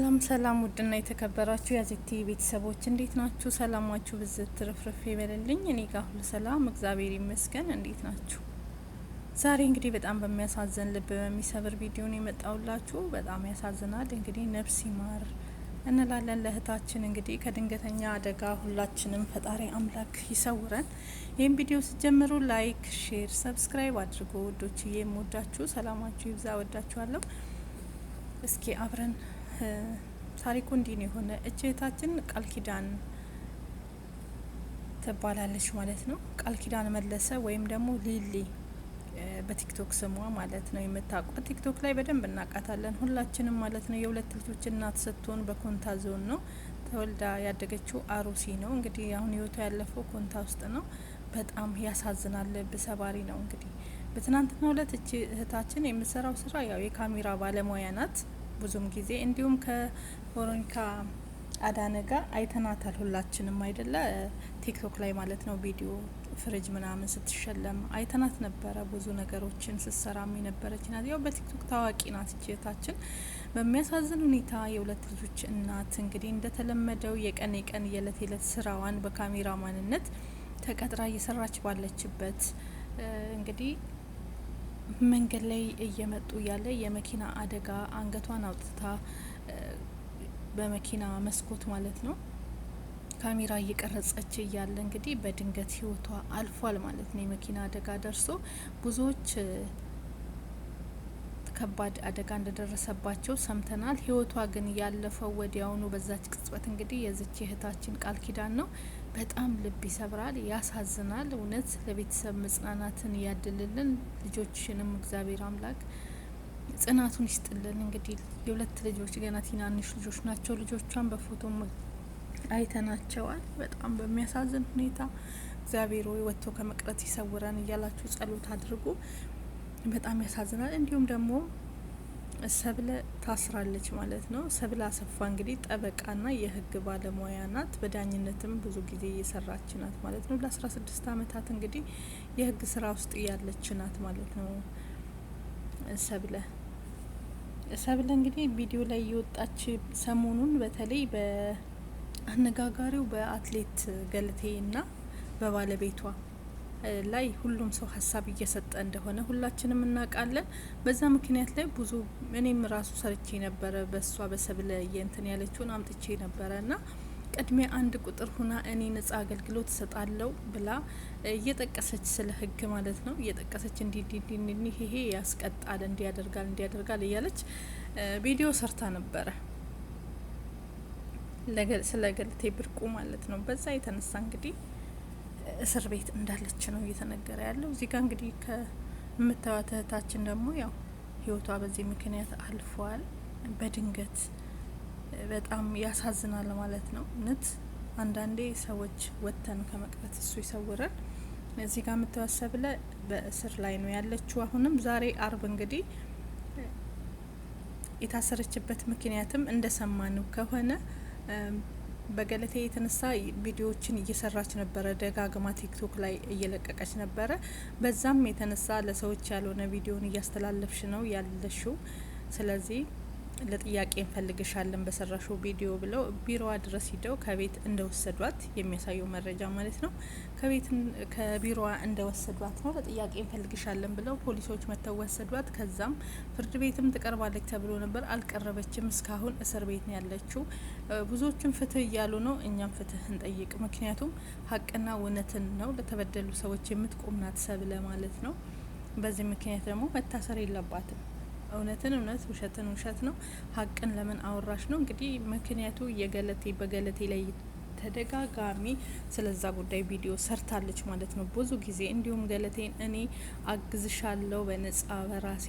ሰላም ሰላም፣ ውድና የተከበራችሁ የአዜቲ ቤተሰቦች እንዴት ናችሁ? ሰላማችሁ ብዝት ትርፍርፍ ይበልልኝ። እኔ ጋር ሁሉ ሰላም እግዚአብሔር ይመስገን። እንዴት ናችሁ? ዛሬ እንግዲህ በጣም በሚያሳዝን ልብ በሚሰብር ቪዲዮን የመጣውላችሁ በጣም ያሳዝናል። እንግዲህ ነፍስ ይማር እንላለን ለእህታችን እንግዲህ ከድንገተኛ አደጋ ሁላችንም ፈጣሪ አምላክ ይሰውረን። ይህም ቪዲዮ ስጀምሩ ላይክ፣ ሼር፣ ሰብስክራይብ አድርጎ ውዶች፣ የምወዳችሁ ሰላማችሁ ይብዛ፣ ወዳችኋለሁ። እስኪ አብረን ታሪኩ እንዲህ ነው የሆነ። እቼታችን ቃል ኪዳን ትባላለች ማለት ነው። ቃል ኪዳን መለሰ ወይም ደግሞ ሊሊ በቲክቶክ ስሟ ማለት ነው የምታውቋት። ቲክቶክ ላይ በደንብ እናውቃታለን ሁላችንም ማለት ነው። የሁለት ልጆች እናት ስትሆን በኮንታ ዞን ነው ተወልዳ ያደገችው አሩሲ ነው። እንግዲህ አሁን ህይወቱ ያለፈው ኮንታ ውስጥ ነው። በጣም ያሳዝናል። ልብ ሰባሪ ነው። እንግዲህ በትናንትና ሁለት እህታችን የምትሰራው ስራ ያው የካሜራ ባለሙያ ናት። ብዙም ጊዜ እንዲሁም ከቮሮኒካ አዳነ ጋር አይተናታል ሁላችንም አይደለ ቲክቶክ ላይ ማለት ነው ቪዲዮ ፍሪጅ ምናምን ስትሸለም አይተናት ነበረ። ብዙ ነገሮችን ስትሰራም የነበረች ናት። ያው በቲክቶክ ታዋቂ ናት እህታችን። በሚያሳዝን ሁኔታ የሁለት ልጆች እናት እንግዲህ እንደተለመደው የቀን የቀን የእለት የእለት ስራዋን በካሜራ ማንነት ተቀጥራ እየሰራች ባለችበት እንግዲህ መንገድ ላይ እየመጡ ያለ የመኪና አደጋ አንገቷን አውጥታ በመኪና መስኮት ማለት ነው ካሜራ እየቀረጸች እያለ እንግዲህ በድንገት ህይወቷ አልፏል ማለት ነው። የመኪና አደጋ ደርሶ ብዙዎች ከባድ አደጋ እንደደረሰባቸው ሰምተናል። ህይወቷ ግን ያለፈው ወዲያውኑ በዛች ቅጽበት እንግዲህ የዝች እህታችን ቃል ኪዳን ነው። በጣም ልብ ይሰብራል፣ ያሳዝናል። እውነት ለቤተሰብ መጽናናትን ያድልልን፣ ልጆችንም እግዚአብሔር አምላክ ጽናቱን ይስጥልን። እንግዲህ የሁለት ልጆች ገና ትናንሽ ልጆች ናቸው። ልጆቿን በፎቶ አይተናቸዋል። በጣም በሚያሳዝን ሁኔታ እግዚአብሔር ወይ ወጥቶ ከመቅረት ይሰውረን እያላችሁ ጸሎት አድርጉ። በጣም ያሳዝናል። እንዲሁም ደግሞ ሰብለ ታስራለች ማለት ነው። ሰብለ አሰፋ እንግዲህ ጠበቃና የህግ ባለሙያ ናት። በዳኝነትም ብዙ ጊዜ እየሰራች ናት ማለት ነው። ለአስራ ስድስት አመታት እንግዲህ የህግ ስራ ውስጥ ያለች ናት ማለት ነው። ሰብለ ሰብለ እንግዲህ ቪዲዮ ላይ እየወጣች ሰሞኑን በተለይ በአነጋጋሪው በአትሌት ገለቴና በባለቤቷ ላይ ሁሉም ሰው ሀሳብ እየሰጠ እንደሆነ ሁላችንም እናውቃለን። በዛ ምክንያት ላይ ብዙ እኔም ራሱ ሰርቼ ነበረ በእሷ በሰብለ የእንትን ያለችውን አምጥቼ ነበረ ና ቅድሚያ አንድ ቁጥር ሁና እኔ ነጻ አገልግሎት እሰጣለሁ ብላ እየጠቀሰች ስለ ህግ ማለት ነው እየጠቀሰች እንዲዲዲኒ ይሄ ያስቀጣል እንዲያደርጋል እንዲያደርጋል እያለች ቪዲዮ ሰርታ ነበረ ስለ ገለቴ ብርቁ ማለት ነው። በዛ የተነሳ እንግዲህ እስር ቤት እንዳለች ነው እየተነገረ ያለው። እዚህ ጋር እንግዲህ ከምታዩት እህታችን ደግሞ ያው ህይወቷ በዚህ ምክንያት አልፏል። በድንገት በጣም ያሳዝናል ማለት ነው። እውነት አንዳንዴ ሰዎች ወጥተን ከመቅረት እሱ ይሰውረን። እዚህ ጋር የምታዩት በእስር ላይ ነው ያለችው። አሁንም ዛሬ አርብ እንግዲህ የታሰረችበት ምክንያትም እንደሰማነው ከሆነ በገለቴ የተነሳ ቪዲዮዎችን እየሰራች ነበረ። ደጋግማ ቲክቶክ ላይ እየለቀቀች ነበረ። በዛም የተነሳ ለሰዎች ያልሆነ ቪዲዮን እያስተላለፍሽ ነው ያለሽው። ስለዚህ ለጥያቄ እንፈልግሻለን በሰራሽው ቪዲዮ ብለው ቢሮዋ ድረስ ሂደው ከቤት እንደወሰዷት የሚያሳየው መረጃ ማለት ነው። ከቤት ከቢሮዋ እንደወሰዷት ነው። ለጥያቄ እንፈልግሻለን ብለው ፖሊሶች መጥተው ወሰዷት። ከዛም ፍርድ ቤትም ትቀርባለች ተብሎ ነበር። አልቀረበችም። እስካሁን እስር ቤት ነው ያለችው። ብዙዎችን ፍትህ እያሉ ነው። እኛም ፍትህ እንጠይቅ። ምክንያቱም ሀቅና እውነትን ነው። ለተበደሉ ሰዎች የምትቆምናት ሰብለ ማለት ነው። በዚህ ምክንያት ደግሞ መታሰር የለባትም። እውነትን እውነት ውሸትን ውሸት ነው። ሀቅን ለምን አወራሽ ነው እንግዲህ ምክንያቱ የገለቴ በገለቴ ላይ ተደጋጋሚ ስለዛ ጉዳይ ቪዲዮ ሰርታለች ማለት ነው ብዙ ጊዜ። እንዲሁም ገለቴን እኔ አግዝሻለሁ በነጻ በራሴ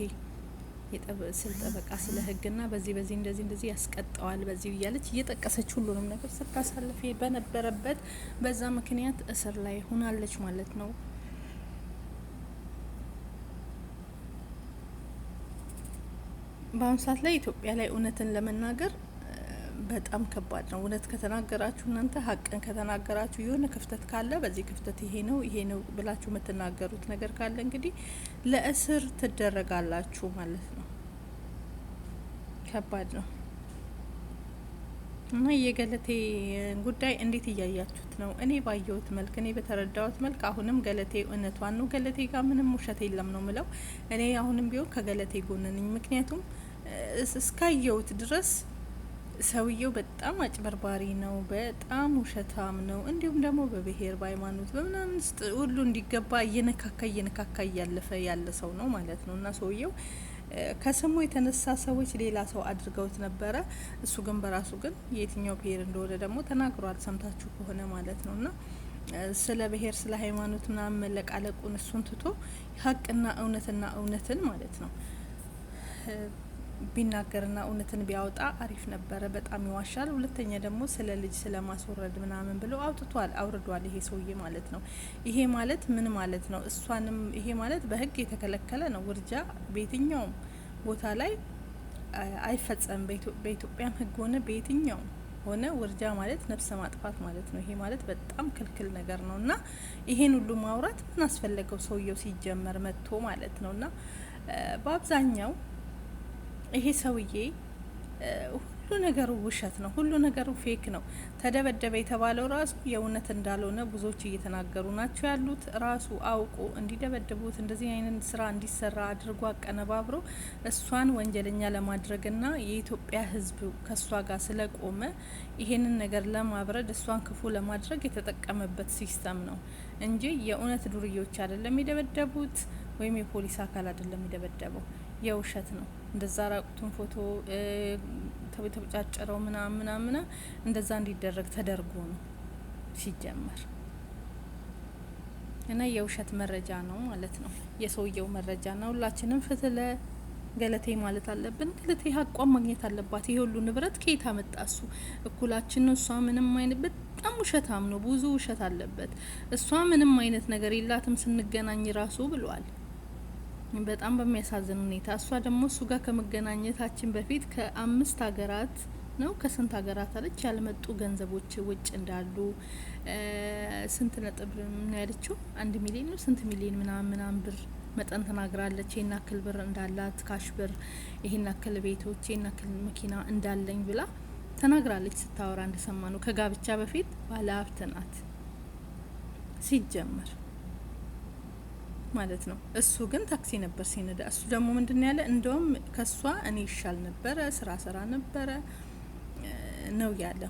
ስል ጠበቃ ስለ ሕግና በዚህ በዚህ እንደዚህ እንደዚህ ያስቀጠዋል በዚህ እያለች እየጠቀሰች ሁሉንም ነገር ስታሳልፍ በነበረበት በዛ ምክንያት እስር ላይ ሆናለች ማለት ነው። በአሁኑ ሰዓት ላይ ኢትዮጵያ ላይ እውነትን ለመናገር በጣም ከባድ ነው። እውነት ከተናገራችሁ እናንተ ሀቅን ከተናገራችሁ የሆነ ክፍተት ካለ በዚህ ክፍተት ይሄ ነው ይሄ ነው ብላችሁ የምትናገሩት ነገር ካለ እንግዲህ ለእስር ትደረጋላችሁ ማለት ነው። ከባድ ነው። እና የገለቴ ጉዳይ እንዴት እያያችሁት ነው? እኔ ባየሁት መልክ፣ እኔ በተረዳሁት መልክ አሁንም ገለቴ እውነቷን ነው። ገለቴ ጋር ምንም ውሸት የለም ነው ምለው። እኔ አሁንም ቢሆን ከገለቴ ጎን ነኝ። ምክንያቱም እስካየሁት ድረስ ሰውየው በጣም አጭበርባሪ ነው፣ በጣም ውሸታም ነው። እንዲሁም ደግሞ በብሄር በሃይማኖት በምናምን ውስጥ ሁሉ እንዲገባ እየነካካ እየነካካ እያለፈ ያለ ሰው ነው ማለት ነው እና ሰውየው ከስሙ የተነሳ ሰዎች ሌላ ሰው አድርገውት ነበረ። እሱ ግን በራሱ ግን የትኛው ብሄር እንደሆነ ደግሞ ተናግሯል፣ ሰምታችሁ ከሆነ ማለት ነውና ስለ ብሄር ስለ ሃይማኖት ምናምን መለቃለቁን እሱን ትቶ ሀቅና እውነትና እውነትን ማለት ነው ቢናገርና እውነትን ቢያወጣ አሪፍ ነበረ። በጣም ይዋሻል። ሁለተኛ ደግሞ ስለ ልጅ ስለ ማስወረድ ምናምን ብሎ አውጥቷል አውርዷል፣ ይሄ ሰውዬ ማለት ነው። ይሄ ማለት ምን ማለት ነው? እሷንም ይሄ ማለት በህግ የተከለከለ ነው። ውርጃ በየትኛውም ቦታ ላይ አይፈጸም። በኢትዮጵያም ህግ ሆነ በየትኛውም ሆነ ውርጃ ማለት ነፍሰ ማጥፋት ማለት ነው። ይሄ ማለት በጣም ክልክል ነገር ነው እና ይሄን ሁሉ ማውራት ምን አስፈለገው ሰውየው ሲጀመር መጥቶ ማለት ነው እና በአብዛኛው ይሄ ሰውዬ ሁሉ ነገሩ ውሸት ነው፣ ሁሉ ነገሩ ፌክ ነው። ተደበደበ የተባለው ራሱ የእውነት እንዳልሆነ ብዙዎች እየተናገሩ ናቸው ያሉት። ራሱ አውቆ እንዲደበድቡት እንደዚህ አይነት ስራ እንዲሰራ አድርጎ አቀነባብሮ እሷን ወንጀለኛ ለማድረግና የኢትዮጵያ ሕዝብ ከእሷ ጋር ስለቆመ ይሄንን ነገር ለማብረድ እሷን ክፉ ለማድረግ የተጠቀመበት ሲስተም ነው እንጂ የእውነት ዱርዮች አይደለም የደበደቡት፣ ወይም የፖሊስ አካል አይደለም የደበደበው የውሸት ነው። እንደዛ ራቁቱን ፎቶ ተጫጨረው ምናምን ምናምን እንደዛ እንዲደረግ ተደርጎ ነው ሲጀመር እና የውሸት መረጃ ነው ማለት ነው የሰውየው መረጃ ነው። ሁላችንም ፍትለ ገለቴ ማለት አለብን። ገለቴ አቋም ማግኘት አለባት። ይሄ ሁሉ ንብረት ከየት አመጣ እሱ? እኩላችን ነው። እሷ ምንም አይነት በጣም ውሸታም ነው። ብዙ ውሸት አለበት። እሷ ምንም አይነት ነገር የላትም ስንገናኝ ራሱ ብሏል። በጣም በሚያሳዝን ሁኔታ እሷ ደግሞ እሱ ጋር ከመገናኘታችን በፊት ከአምስት ሀገራት ነው ከስንት ሀገራት አለች ያልመጡ ገንዘቦች ውጭ እንዳሉ ስንት ነጥብ ነው ያለችው? አንድ ሚሊዮን ነው ስንት ሚሊዮን ምናምን ምናምን ብር መጠን ተናግራለች። ይህን አክል ብር እንዳላት ካሽ ብር፣ ይህን አክል ቤቶች፣ ይህን አክል መኪና እንዳለኝ ብላ ተናግራለች። ስታወራ እንደሰማ ነው። ከጋብቻ በፊት ባለ ሀብት ናት ሲጀመር ማለት ነው። እሱ ግን ታክሲ ነበር ሲነዳ። እሱ ደግሞ ምንድን ያለ እንደውም ከሷ እኔ ይሻል ነበረ፣ ስራ ስራ ነበረ ነው ያለ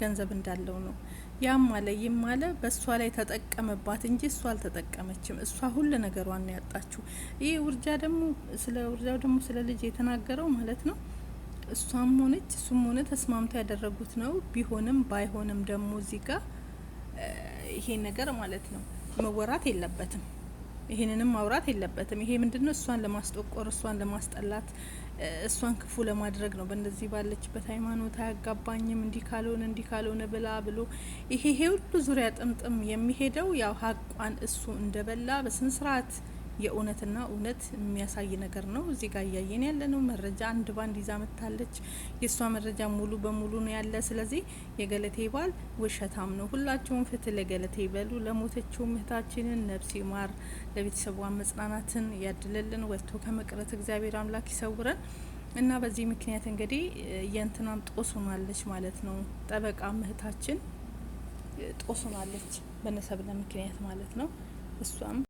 ገንዘብ እንዳለው ነው ያም አለ ይም አለ በእሷ ላይ ተጠቀመባት እንጂ እሷ አልተጠቀመችም። እሷ ሁሉ ነገሯን ነው ያጣችው። ይህ ውርጃ ደግሞ ስለ ውርጃው ደግሞ ስለ ልጅ የተናገረው ማለት ነው እሷም ሆነች እሱም ሆነ ተስማምተው ያደረጉት ነው። ቢሆንም ባይሆንም ደግሞ እዚህ ጋር ይሄ ነገር ማለት ነው መወራት የለበትም። ይሄንንም ማውራት የለበትም። ይሄ ምንድነው? እሷን ለማስጠቆር፣ እሷን ለማስጠላት፣ እሷን ክፉ ለማድረግ ነው። በእንደዚህ ባለችበት ሃይማኖት አያጋባኝም እንዲህ ካልሆነ እንዲህ ካልሆነ ብላ ብሎ ይሄ ሁሉ ዙሪያ ጥምጥም የሚሄደው ያው ሀቋን እሱ እንደበላ በስነ የእውነትና እውነት የሚያሳይ ነገር ነው። እዚህ ጋር እያየን ያለ ነው መረጃ አንድ ባንድ ይዛ መታለች። የእሷ መረጃ ሙሉ በሙሉ ነው ያለ። ስለዚህ የገለቴ ባል ውሸታም ነው። ሁላችሁም ፍትህ ለገለቴ ይበሉ። ለሞተችው እህታችንን ነብስ ይማር፣ ለቤተሰቧ መጽናናትን ያድለልን ወጥቶ ከመቅረት እግዚአብሔር አምላክ ይሰውረን እና በዚህ ምክንያት እንግዲህ የእንትናም ጦስ ሆናለች ማለት ነው። ጠበቃ እህታችን ጦስ ሆናለች በነሰብለ ምክንያት ማለት ነው እሷም